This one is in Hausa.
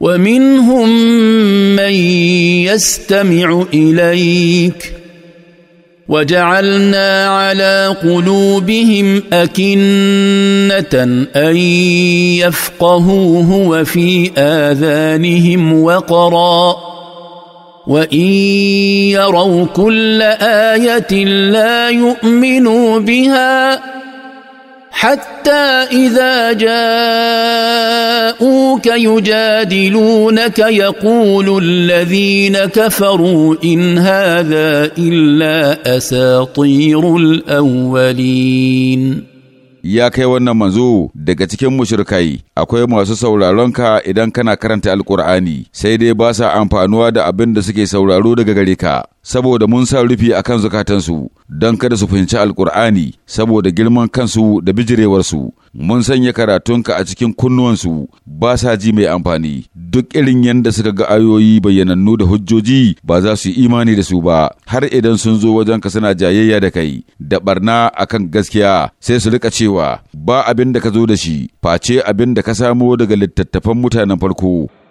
ومنهم من يستمع اليك وجعلنا على قلوبهم اكنه ان يفقهوه وفي اذانهم وقرا وان يروا كل ايه لا يؤمنوا بها حتى اذا جاءوا ياتونك يجادلونك يقول الذين كفروا ان هذا الا اساطير الاولين ya kai wannan manzo daga cikin mushrikai akwai masu sauraron ka idan kana karanta alkur'ani sai dai ba sa amfanuwa da abin da suke sauraro daga gare ka saboda mun sa rufi a kan zukatansu don kada su fahimci alkur'ani saboda girman kansu da bijirewarsu mun sanya karatunka a cikin kunnuwansu ba sa ji mai amfani duk irin yadda suka ga ayoyi bayyanannu da hujjoji ba za su yi imani da su ba har idan sun zo wajen ka suna jayayya da kai da barna akan gaskiya sai su rika cewa ba abin da ka zo da shi face abin da ka samo daga littattafan mutanen farko